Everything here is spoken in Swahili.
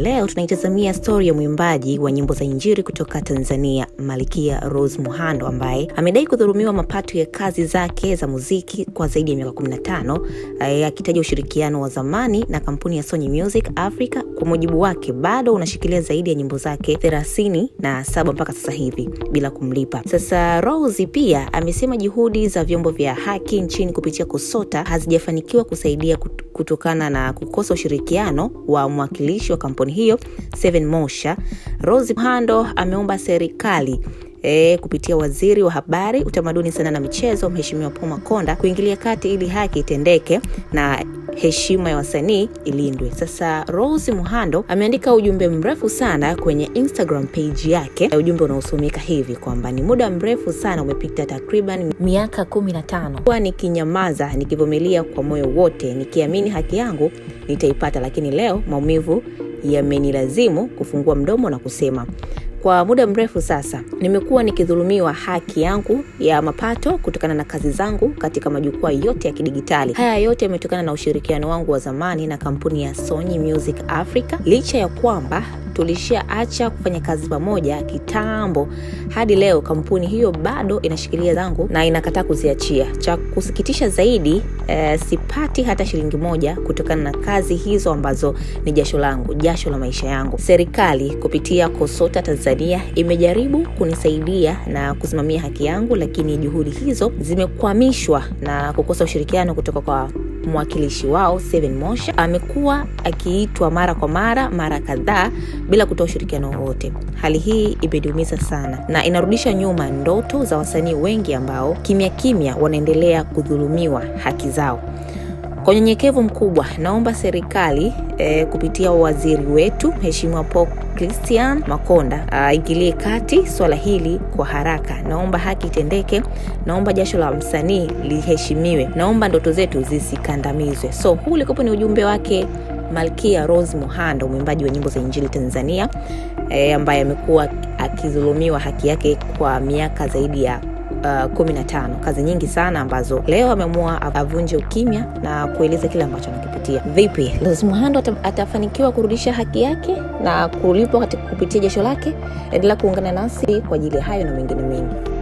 Leo tunaitazamia stori ya mwimbaji wa nyimbo za injili kutoka Tanzania, Malkia Rose Muhando ambaye amedai kudhulumiwa mapato ya kazi zake za muziki kwa zaidi ya miaka 15, eh, akitaja ushirikiano wa zamani na kampuni ya Sony Music Africa. Kwa mujibu wake, bado unashikilia zaidi ya nyimbo zake 37 mpaka sasa hivi bila kumlipa. Sasa Rose pia amesema juhudi za vyombo vya haki nchini kupitia KUSOTA hazijafanikiwa kusaidia kutokana na kukosa ushirikiano wa mwakilishi wa kampuni kampuni hiyo Seven Mosha. Rose Muhando ameomba serikali E, kupitia waziri wa habari, utamaduni, sanaa na michezo, Mheshimiwa Paul Makonda kuingilia kati ili haki itendeke na heshima ya wasanii ilindwe. Sasa Rose Muhando ameandika ujumbe mrefu sana kwenye Instagram page yake, ujumbe unaosomeka hivi kwamba ni muda mrefu sana umepita, takriban miaka 15 kwa kuwa nikinyamaza, nikivumilia kwa moyo wote, nikiamini haki yangu nitaipata, lakini leo maumivu yamenilazimu kufungua mdomo na kusema kwa muda mrefu sasa nimekuwa nikidhulumiwa haki yangu ya mapato kutokana na kazi zangu katika majukwaa yote ya kidigitali. Haya yote yametokana na ushirikiano wangu wa zamani na kampuni ya Sony Music Africa, licha ya kwamba tulishaacha kufanya kazi pamoja kitambo, hadi leo kampuni hiyo bado inashikilia zangu na inakataa kuziachia. Cha kusikitisha zaidi eh, sipati hata shilingi moja kutokana na kazi hizo ambazo ni jasho langu, jasho la maisha yangu. Serikali kupitia KOSOTA Tanzania imejaribu kunisaidia na kusimamia haki yangu, lakini juhudi hizo zimekwamishwa na kukosa ushirikiano kutoka kwa mwakilishi wao Seven Mosha amekuwa akiitwa mara kwa mara mara kadhaa bila kutoa ushirikiano wowote. Hali hii imeniumiza sana na inarudisha nyuma ndoto za wasanii wengi ambao kimya kimya wanaendelea kudhulumiwa haki zao. Kwa unyenyekevu mkubwa naomba serikali e, kupitia waziri wetu Mheshimiwa Paul Christian Makonda ah, aingilie kati swala hili kwa haraka. Naomba haki itendeke, naomba jasho la msanii liheshimiwe, naomba ndoto zetu zisikandamizwe. So huu ulikuwapo ni ujumbe wake Malkia Rose Muhando, mwimbaji wa nyimbo za Injili Tanzania e, ambaye amekuwa akidhulumiwa haki yake kwa miaka zaidi ya uh, 15 kazi nyingi sana ambazo leo ameamua avunje ukimya na kueleza kile ambacho anakipitia. Vipi, Rose atafanikiwa kurudisha haki yake na kulipwa kupitia jasho lake? Endelea kuungana nasi kwa ajili ya hayo na mengine mengi.